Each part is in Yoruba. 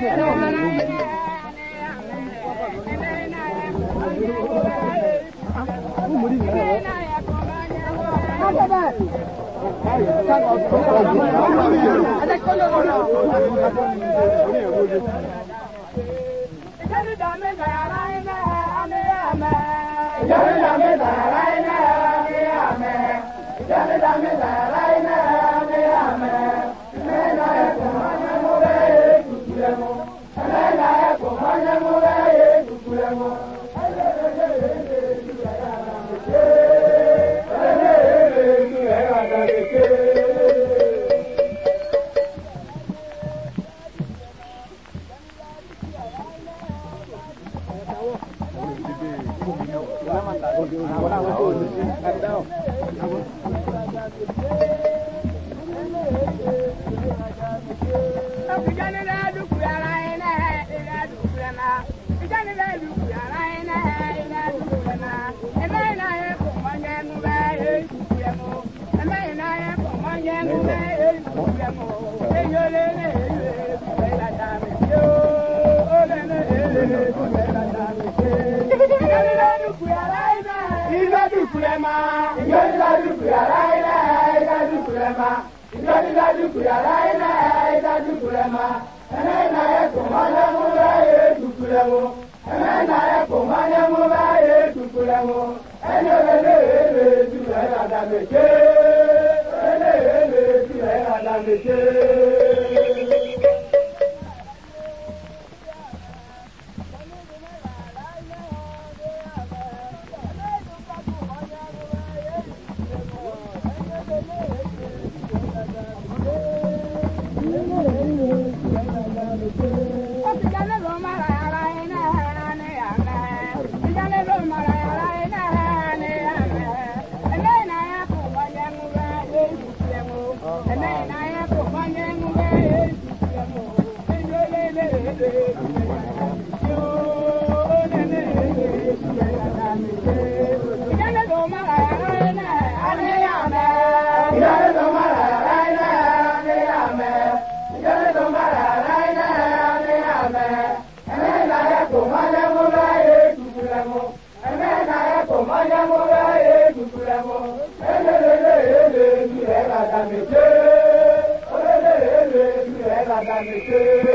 Ìjọba ìjọba ìjọba ìjọba ìjọba. Hello. Yeah.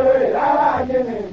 wele lawa ajini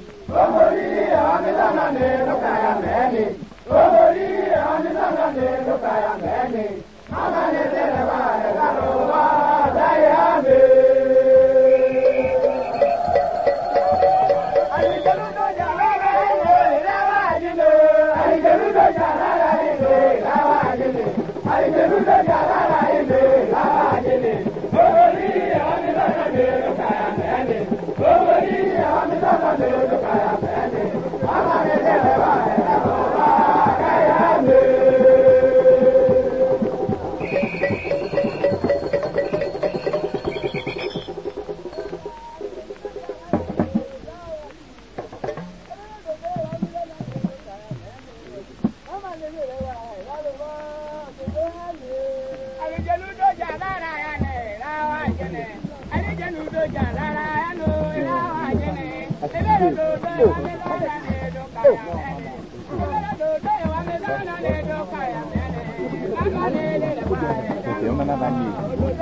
4 7番に。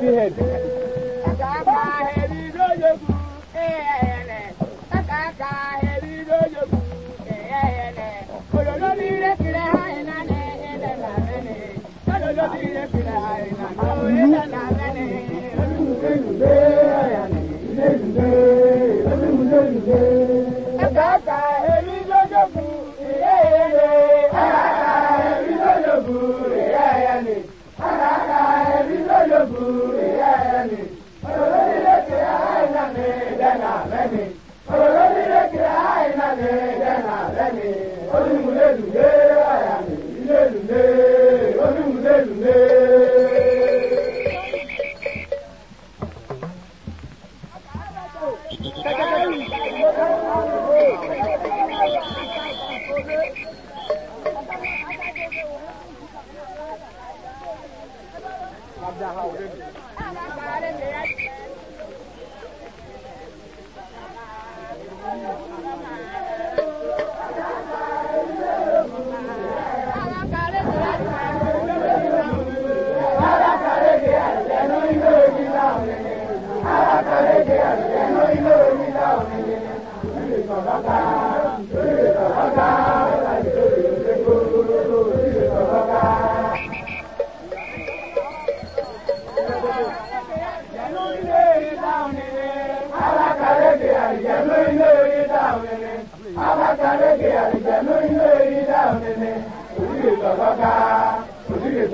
empty head. Thank you. Thank you.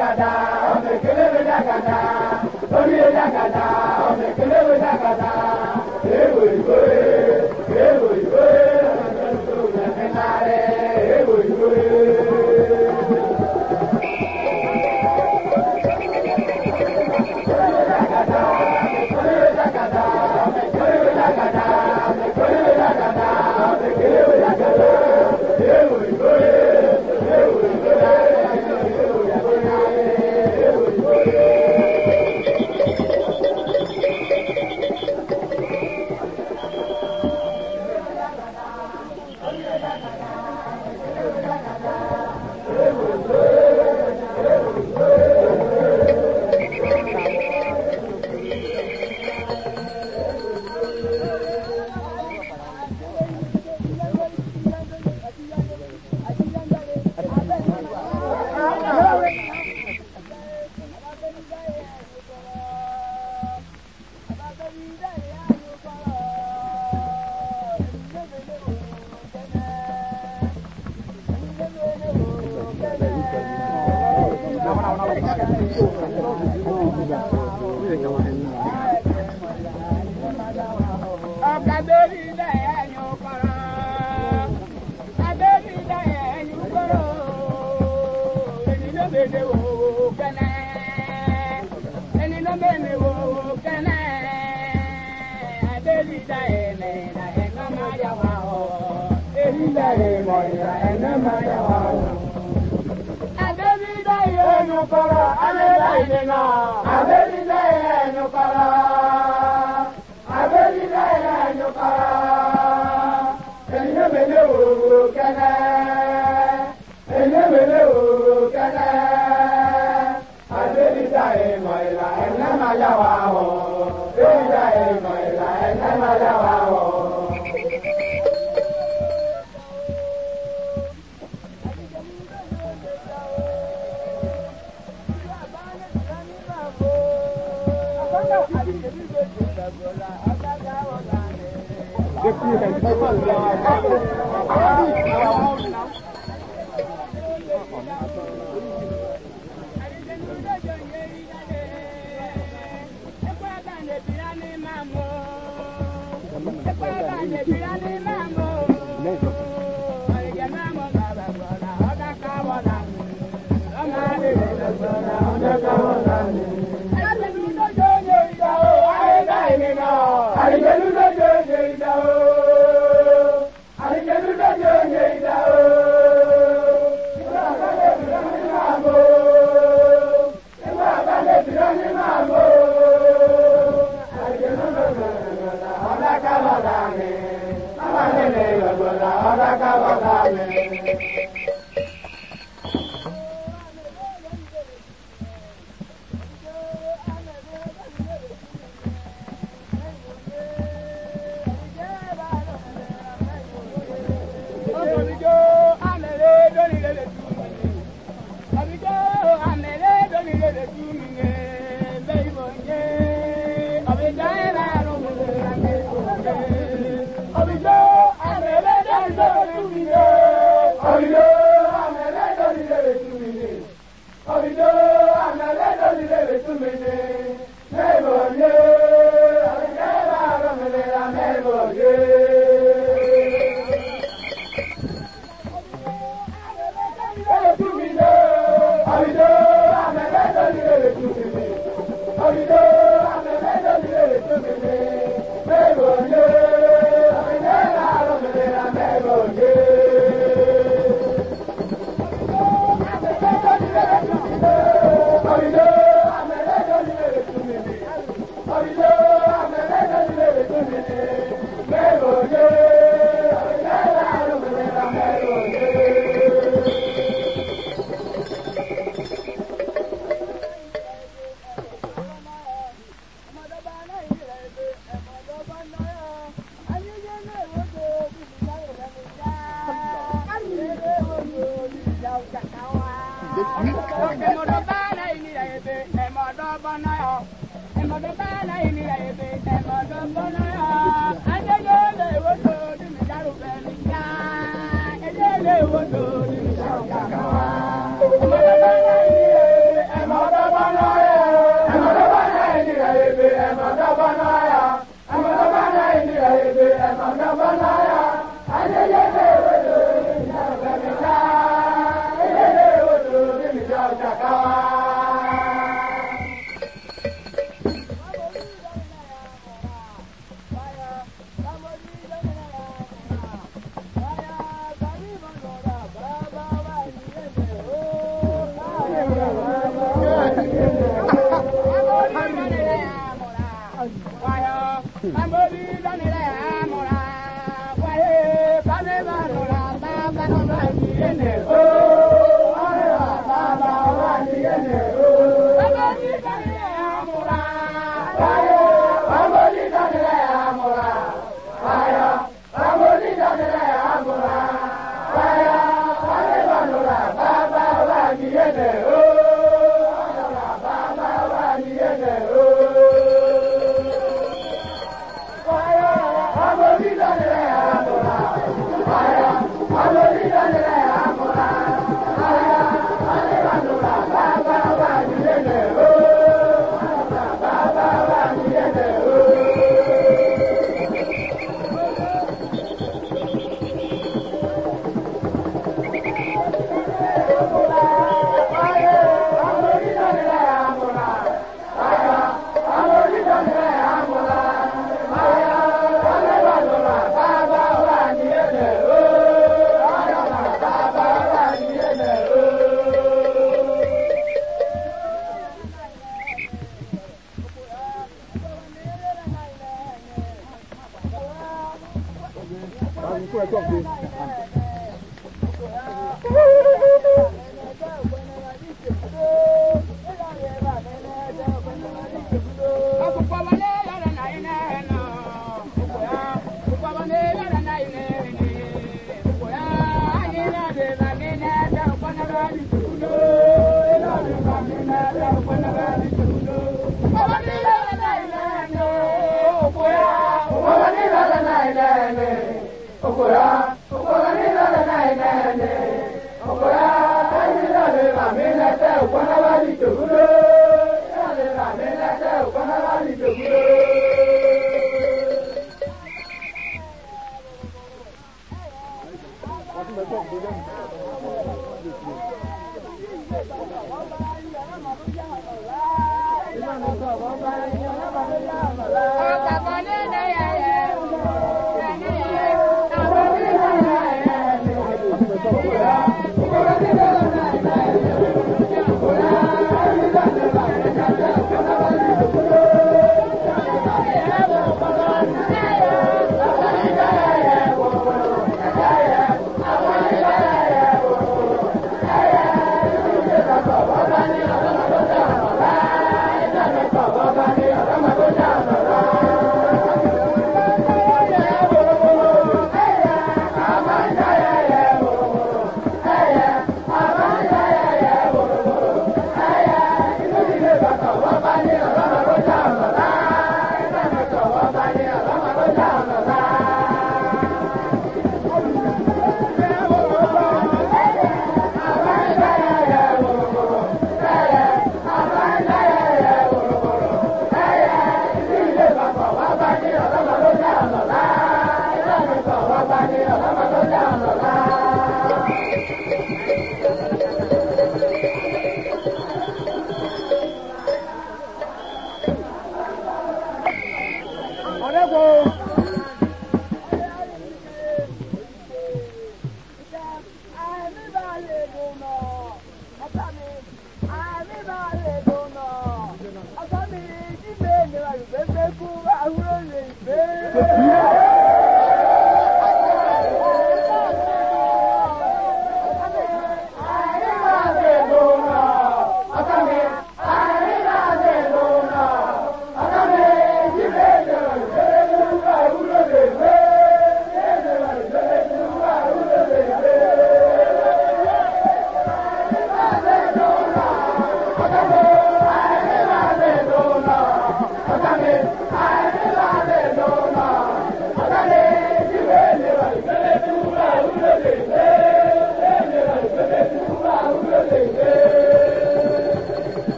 dàgàdà ọ̀nà kẹlẹ́wé dàgàdà orí dàgàdà ọ̀nà kẹlẹ́wé dàgàdà èèwọ̀ ìgbòho. Thank you.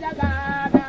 Yeah.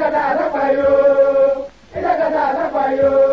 Ilé kata àtàkpà yóò. Ilé kata àtàkpà yóò.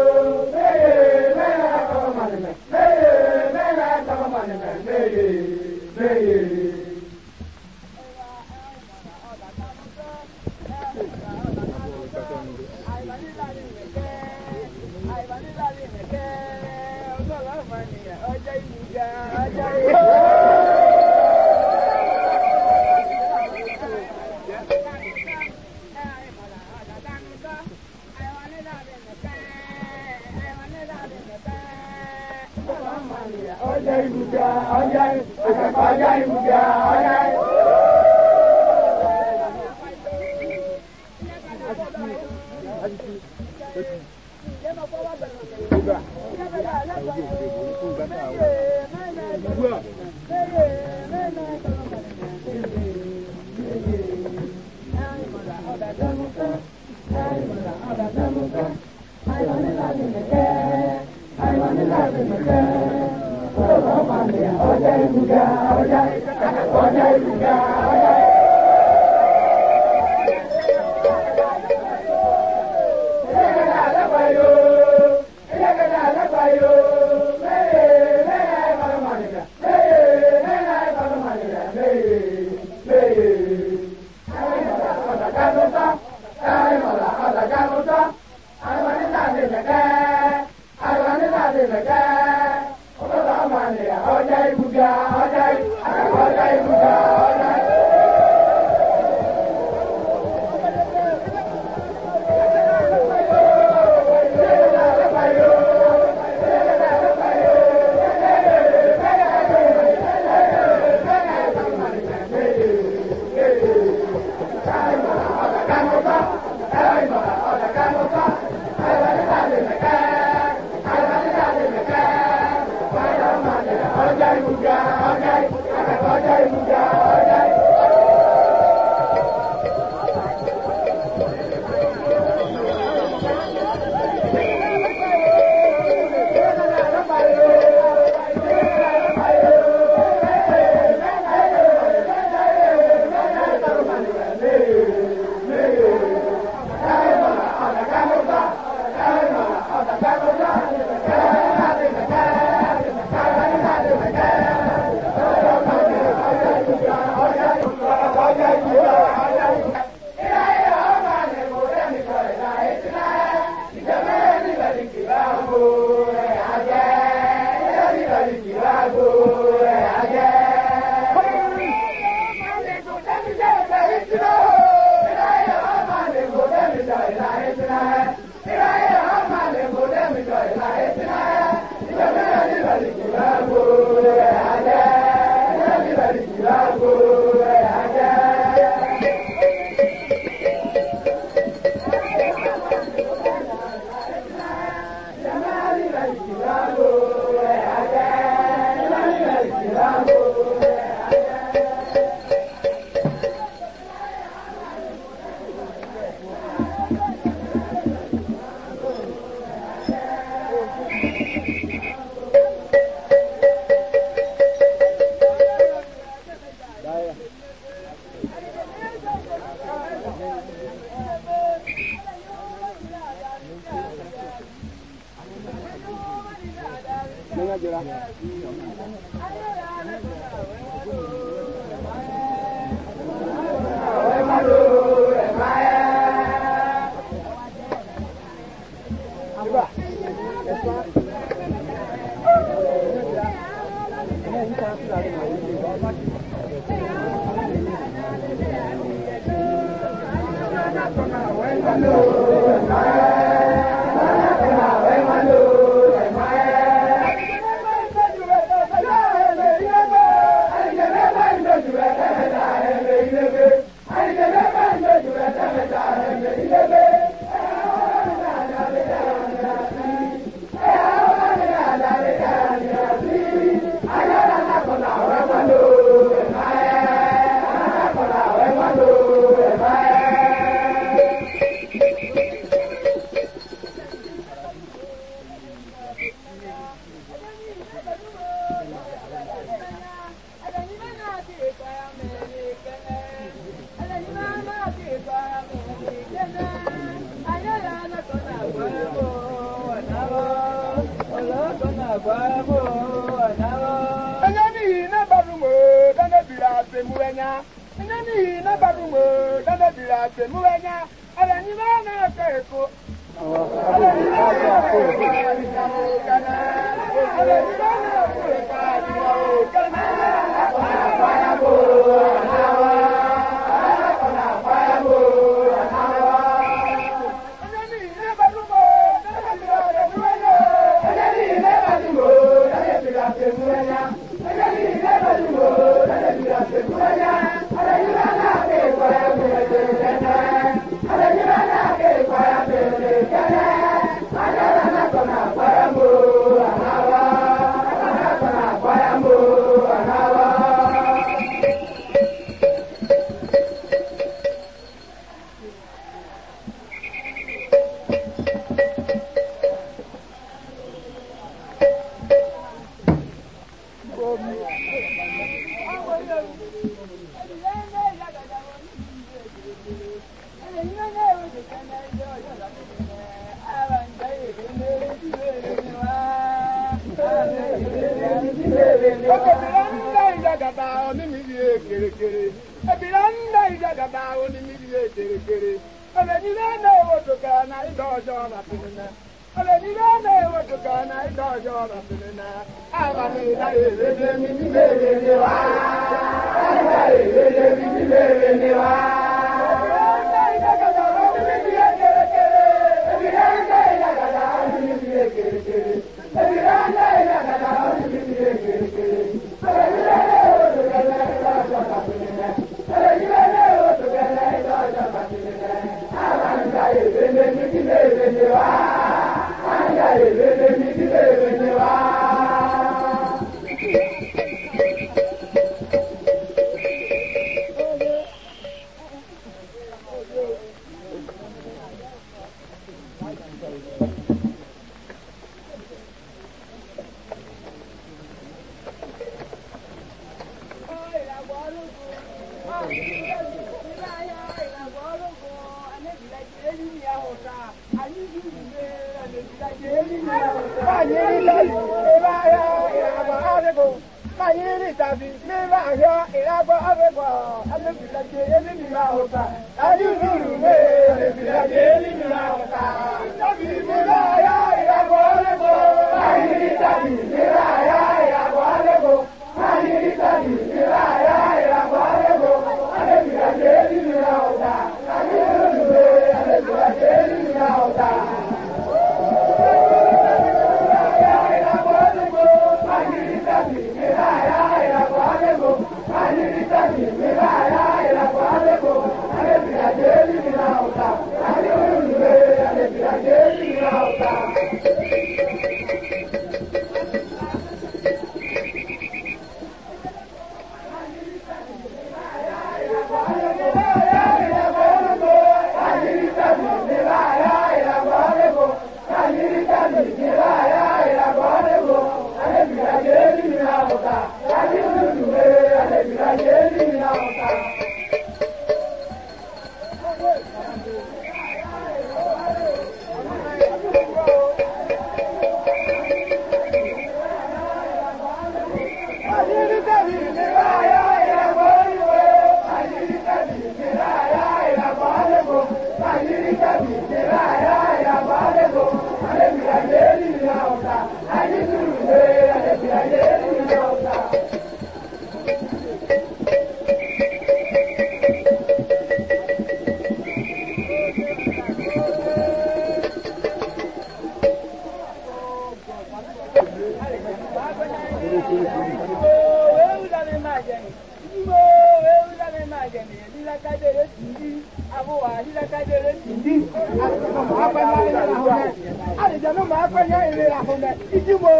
Àlìjẹ̀nú máa pẹ́ yá ìlera fún mẹ́, ìjú mo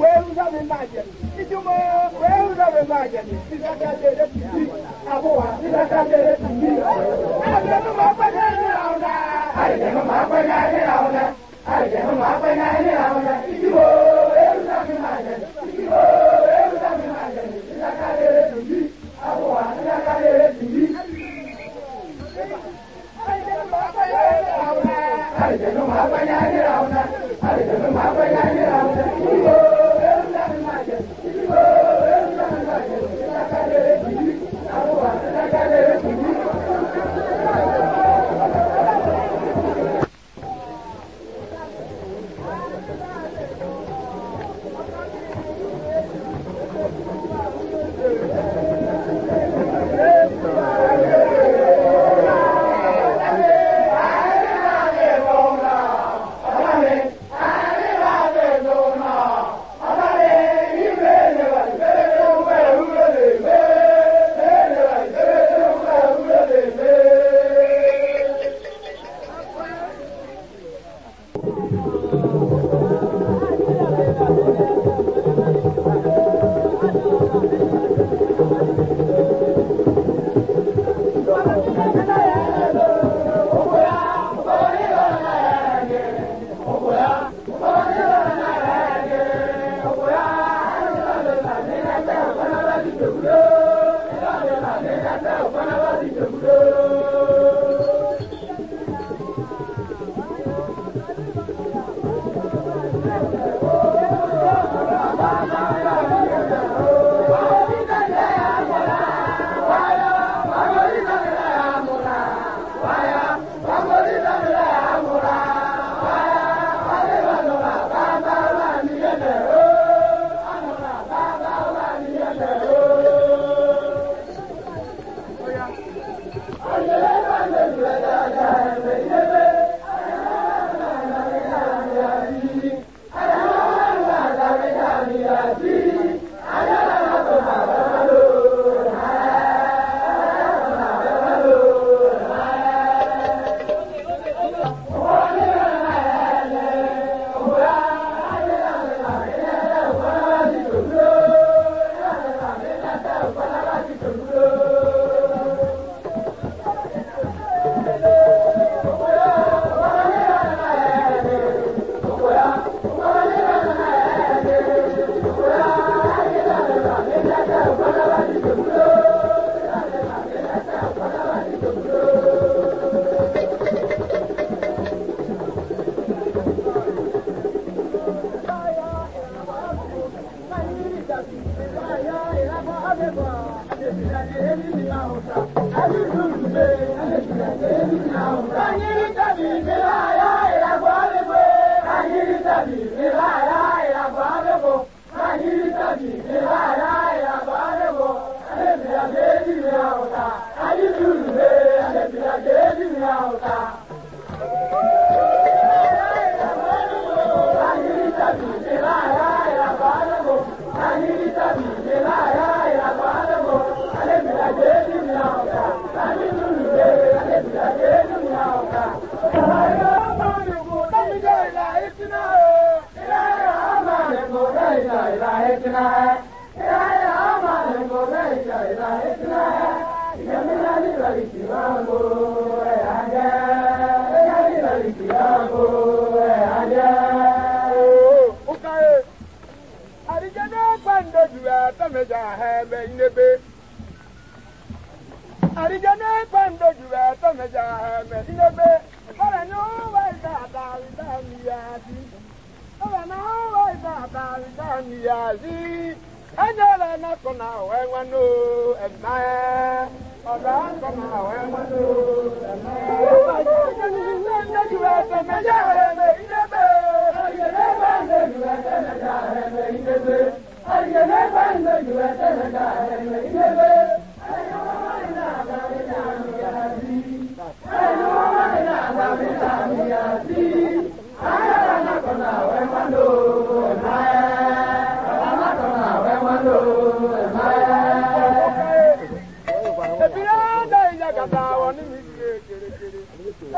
wẹ́rú sọ́mi máa jẹ̀, ìjú mo wẹ́rú sọ́mi máa jẹ̀, ìdájọ́ lè ti bí, àbúwà ìdájọ́ lè ti bí. Àlìjẹ̀nú máa pẹ́ yá ìlera fún mẹ́. Àlìjẹ̀nú máa pẹ́ yá ìlera fún mẹ́. Àlìjẹ̀nú máa pẹ́ yá ìlera fún mẹ́, ìjú mo.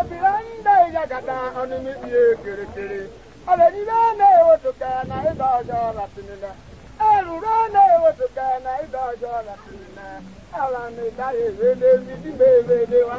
ebiri anyị ndị na-ewetụka ya na ịda ọjọọ ratinila eruru na-ewetụka ya na ịda ọjọọ ndị dị ma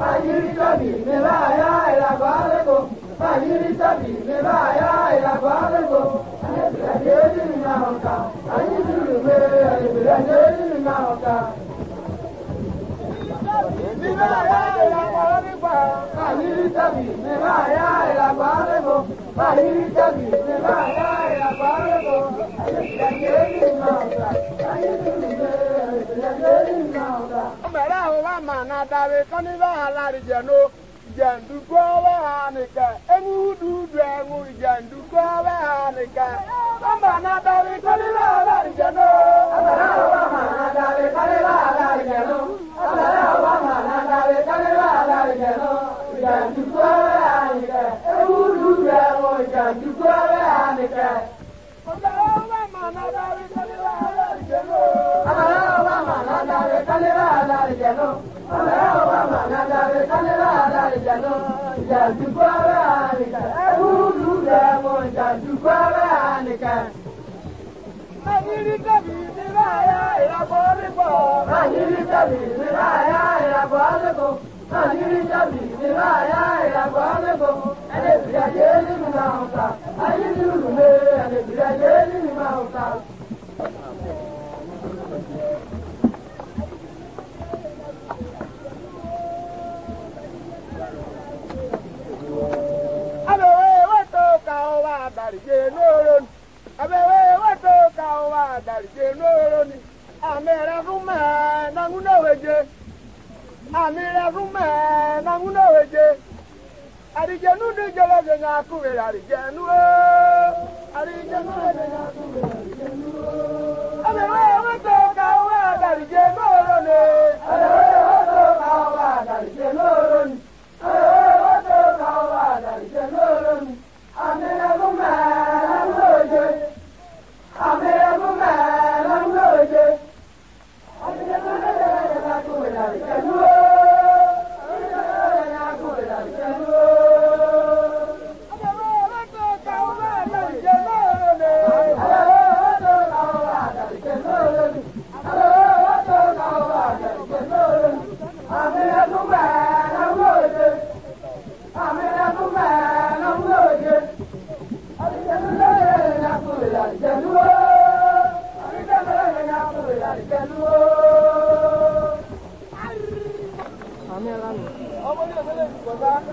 Majirita bime vaya el aguadeco, Majirita bime vaya el aguadeco, Ayuda, ayuda, ayuda, ayuda, ayuda, ayuda, ayuda, ayuda, ayuda, ayuda, ayuda, ayuda, ayuda, ayuda, ayuda, ayuda, ayuda, Mẹ̀rẹ̀ àwọn bá màá na dáre kán ní bá alárí jẹ̀nu ìjẹ̀ndùkọ́ bẹ́ ha nìkẹ́ ẹni wúdúdú ẹ̀wù ìjẹ̀ndùkọ́ bẹ́ ha nìkẹ́. Mẹ̀rẹ̀ àwọn bá màá na dáre kán ní bá alárí jẹ̀nu. Mẹ̀rẹ̀ àwọn bá màá na dáre kán ní bá alárí jẹ̀nu. ìjẹ̀nu ọmọ ẹ̀ ọba màná dàbí kánilá àdáni ìjẹ̀nu ìjàdùkú abẹ́ àníkà ẹ̀wúrú rẹ̀ mọ ìjàdùkú abẹ́ àníkà. Àyírí tẹ̀lé ìdílé àyà ìràpọ̀ nípọ̀. Àyírí tẹ̀lé ìdílé àyà ìràpọ̀ nípọ̀. Àyírí tẹ̀lé ìdílé àyà ìràpọ̀ nípọ̀. Ẹlẹ́bìrì àjẹ́ nínú náà ń ta. Àyírí lùmẹ́ ẹlẹ́bìrì àjẹ́ nínú náà ń adarije n'oro ni àmì rẹ fún mẹ́ẹ̀ nangunáwèje àmì rẹ fún mẹ́ẹ̀ nangunáwèje àdìjẹ nu ní ìjọba ṣe ń akúwe àdìjẹ nu ó àdìjẹ nu ó ṣe ń akúwe àdìjẹ nu ó. àbẹ̀wò ẹ̀wọ́n tó ka owó àdàríje n'oro ni. àbẹ̀wò ẹ̀wọ́n tó ka owó àdàríje n'oro ni. àbẹ̀wò ẹ̀wọ́n tó ka owó àdàríje.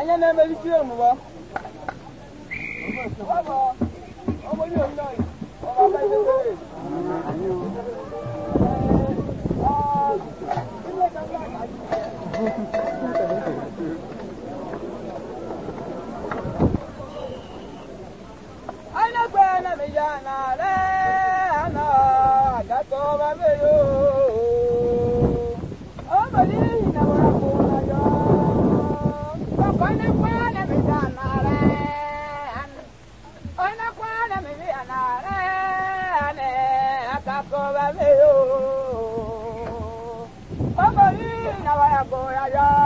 ẹ̀yẹ́ náà bẹ́ẹ̀ fi fílẹ̀mù wá. ọmọ ọmọ ní òun náà ọmọ ọba ẹgbẹ́ bẹ́ẹ̀. Ana gbẹ́nàmíyàn náà rẹ̀ àná àgàtọ̀ bàbá yóò. 哎呀！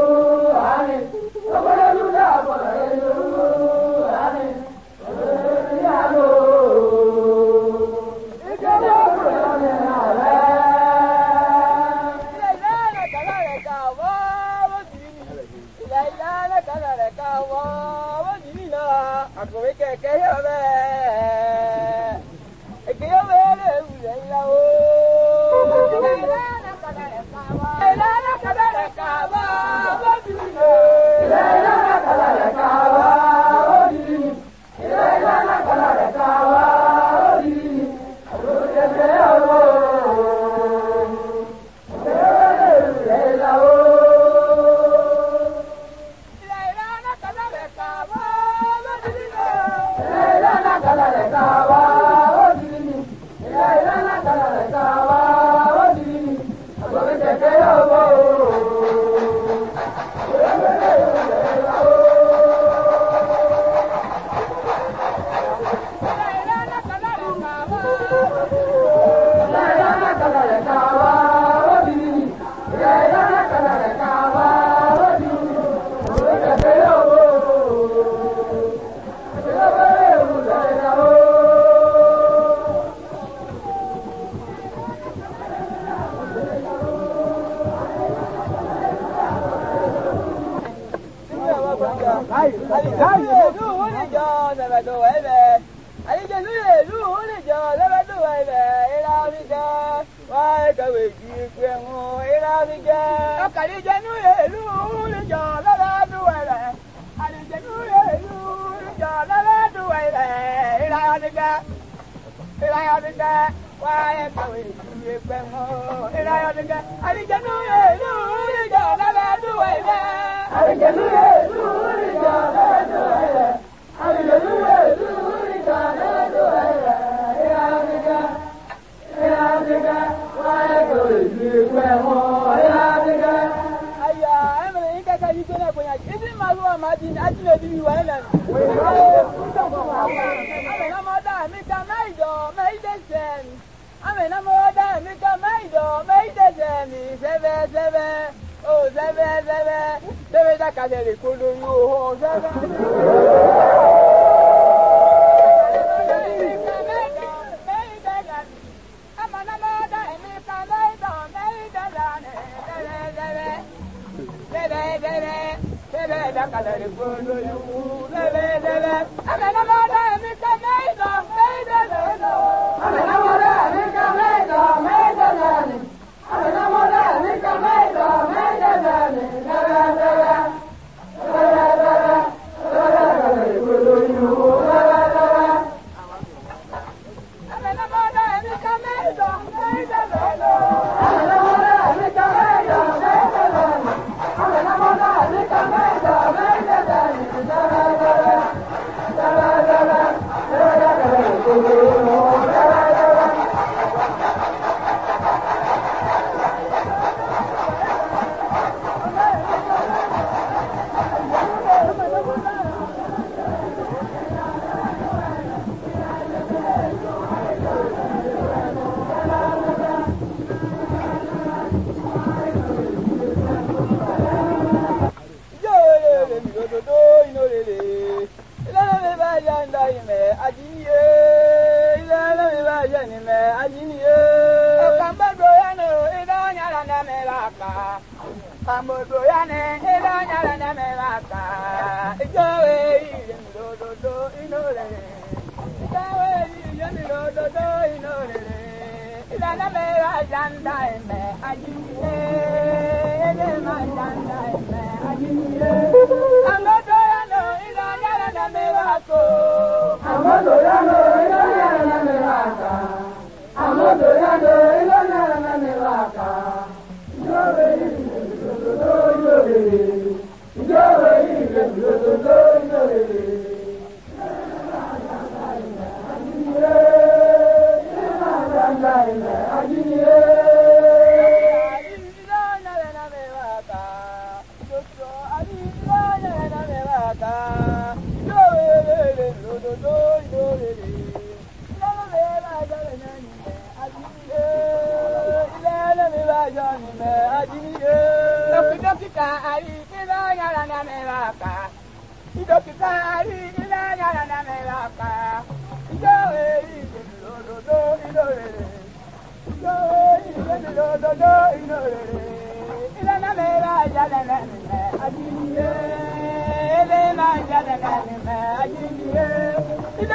Aproveita que ya de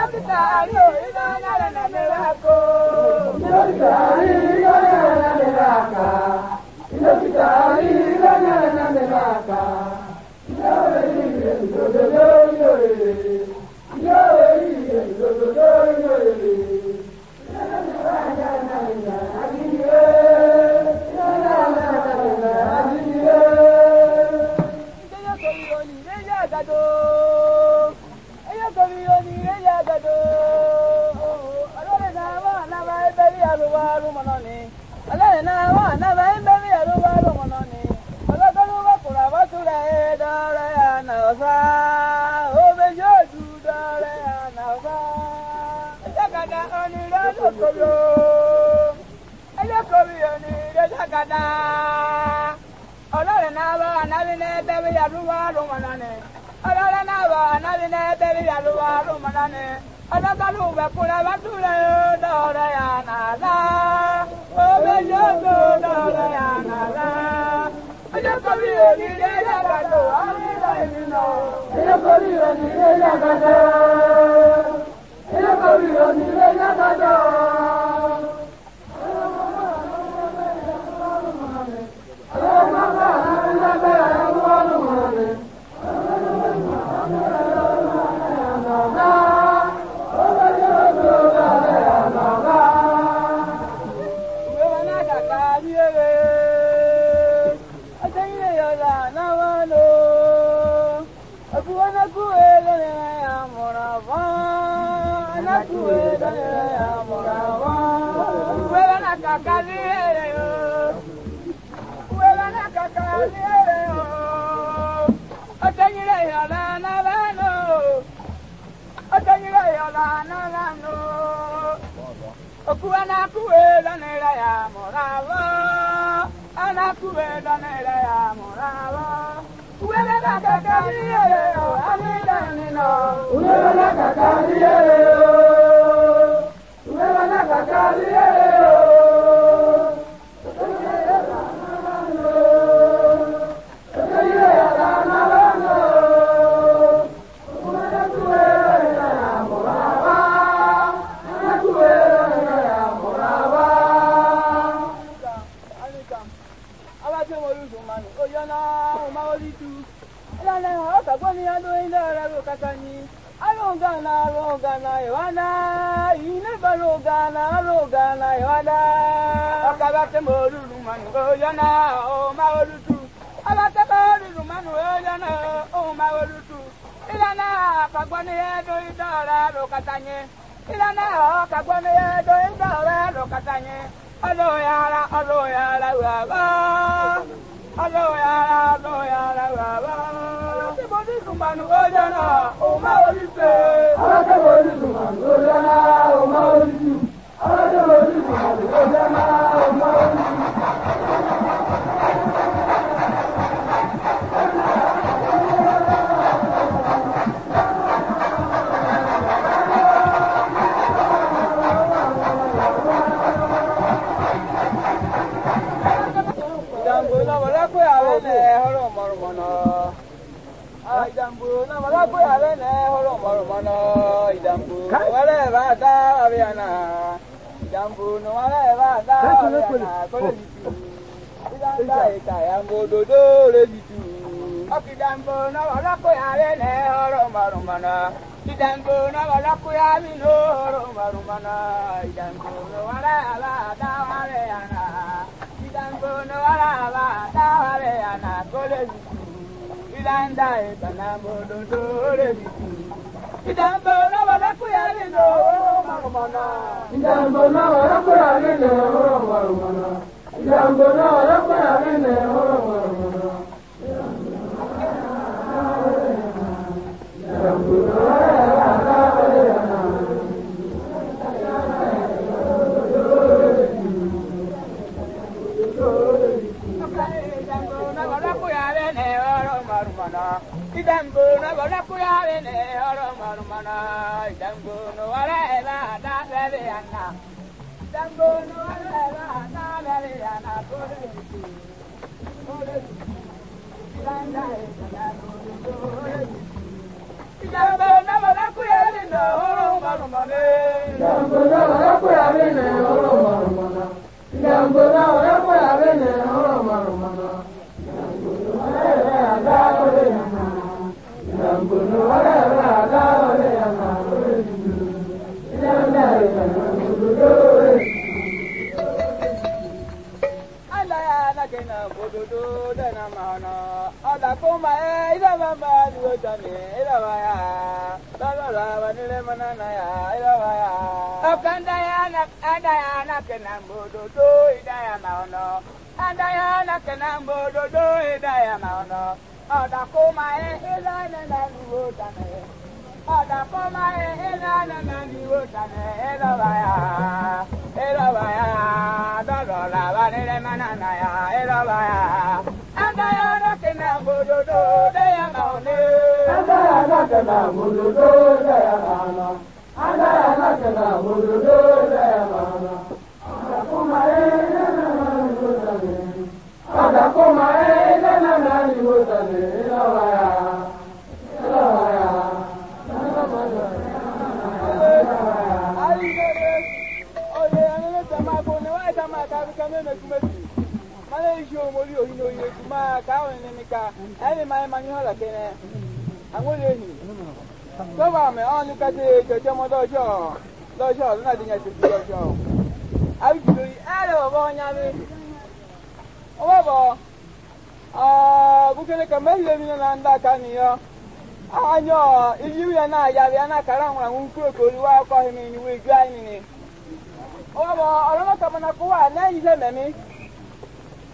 Kapitano, idona la na mirako. Kapitani, idona la na miraka. Kapitani, idona la na miraka. Yawe iye ndododo yoyele. Yawe iye ndododo yoyele. Adájọ́. yarubaru munoni ọlọ́rin náà wà náà bẹ́ẹ̀ ń bẹ́ẹ̀ yarubaru munoni ọlọ́dọ́rú bàkùrà bàtúrẹ̀ dọ́rẹ́ ànàfà omi yóò ju dọ́rẹ́ ànàfà. ẹlẹ́kàdà onírẹ́ lókòrò ẹlẹ́kòrò onírẹ́ lọ́kàdà ọlọ́rin náà wà náà bẹ́ẹ̀ bẹ́ẹ̀ yarubaru munoni ọlọ́rin náà wà náà bẹ́ẹ̀ yarubaru munoni ọdọtọdún bẹkúrẹ bẹtúrẹ dọrẹ ànàlá ọmọdé tó dọrẹ ànàlá ọjọkọbi onílé yàgàdọ ọmọdé ìnìnà ọjọkọbi onílé yàgàdọ ọjọkọbi onílé yàgàdọ. Oh, my God. kàkà ní èrè o. Wẹ́rẹ́ náà kàkà o. Ó tẹ́yìnrẹ́ ìyọ̀lá náà o. Ó tẹ́yìnrẹ́ ìyọ̀lá náà o. Òkúwa náà kúwe lọ́nà ìrẹ́ yà mọ̀ra lọ. Àná kúwe lọ́nà ìrẹ́ o. Àmì ìlànà nọ. o. Wẹ́rẹ́ náà o. abatema olulu manu oyana oma olutu abatema olulu manu oyana oma olutu ilana kagbọni edo idọrẹ lukatanye ilana kagbọni edo idọrẹ lukatanye ọlọyara ọlọyara wàwá ọlọyara ọlọyara wàwá abatema olulu manu oyana oma olutu abatema olulu manu oyana oma olutu abatema olulu manu oyana. Idambu, wale bata abiana no no wale, idan idan, idan idan ala ana, jambuno mareva ndaona kolemitu ilandaika yangododolemitu okidambuno idan da idambuno walakuyamino oromarumana do do tawaleana idambuno idan tawaleana kolemitu ilandaika nangododolemitu idambuno walakuyalino Ìjàngbọ̀nà ọ̀rọ̀kùnrin àmì nà ọ̀rọ̀ mọ̀rọ̀mọ̀rọ̀. Ìjàngbọ̀nà ọ̀rọ̀kùnrin àmì nà ọ̀rọ̀ mọ̀rọ̀mọ̀rọ̀. Ìjàngbọ̀nà ọ̀rọ̀kùnrin. Ìjàngbọ̀nà ọ̀rọ̀kùnrin àmì nà ọ̀rọ̀ mọ̀rọ̀mọ̀rọ̀. Ìjàngbọ̀nà ọ̀rọ̀kùnrin yawe ne oro maru mana dangu no wala ela da bebe anna dangu no wala ela da bebe anna kore ti kore ti landa ela kore ti dangu no wala kuyeli no oro maru mana dangu ya, idabamba duotami idabaya babalaba nilemananaya idabaya okandayana andayana kenambododo idaya maono andayana kenambododo idaya maono ọdakumaye ilanananuotami ọdakumaye ilanananiotami idabaya idabaya babalaba ya, idabaya andayana mòdodo lẹ́yà máa ní. agbára láti nà mòdodo lẹ́yà máa agbára láti nà mòdodo lẹ́yà máa nà. àdàkùnmá lẹ́nà náà ni mo tàbí. àdàkùnmá ẹ lẹ́nà náà ni mo tàbí. ìlọ́wà yà. ìlọ́wà yà. ìlọ́wà yà. ìlọ́wà yà. ayé ọ̀dẹ̀ yẹn ló tẹ̀ máa bọ̀ ní wáyé tá máa dábí kẹ́mẹ́ mẹ́tí mẹ́tí. na eji omori ohi n'oyi otu ka ahụ nene ka anyị manye manye anwụrụ ehi tọba me ọnụ kata ejojo mọ lọjọ ọdụ bọ ka mi na ndị aka n'iyo anyọ iji na-aya bịa na-akara nwụrụ anwụ akọghị m eju anyị ka mana ah, kụwa na mmemme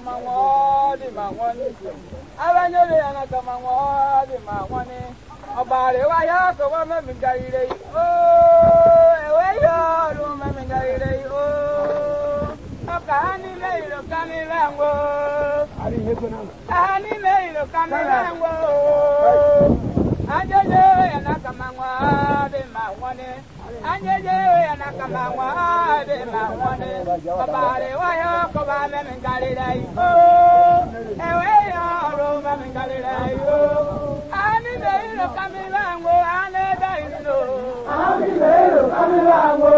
kama ngodi mangoni abanyole yana kama ngodi mangoni obare waya ko wa me mingayire o ewe yo lu me mingayire o akani le ilo kani lango ari hekona ani le ilo kani lango anjeje yana kama ngodi mangoni anjeje yana kama ngodi mangoni obare waya kọba mẹ́mi kárí rẹ̀ yìí o. ẹ̀wẹ̀ yọ ọ̀rọ̀ mẹ́mi kárí rẹ̀ yìí o. àmì bẹ́ẹ̀ ìlò kámi láǹgó àlẹ́ bẹ́ẹ̀ ìlò. àmì bẹ́ẹ̀ ìlò kámi láǹgó.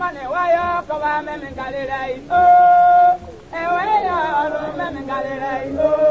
mane wayo koba memin galera iso. Oh. Ewe ya oro memin galera iso. Oh.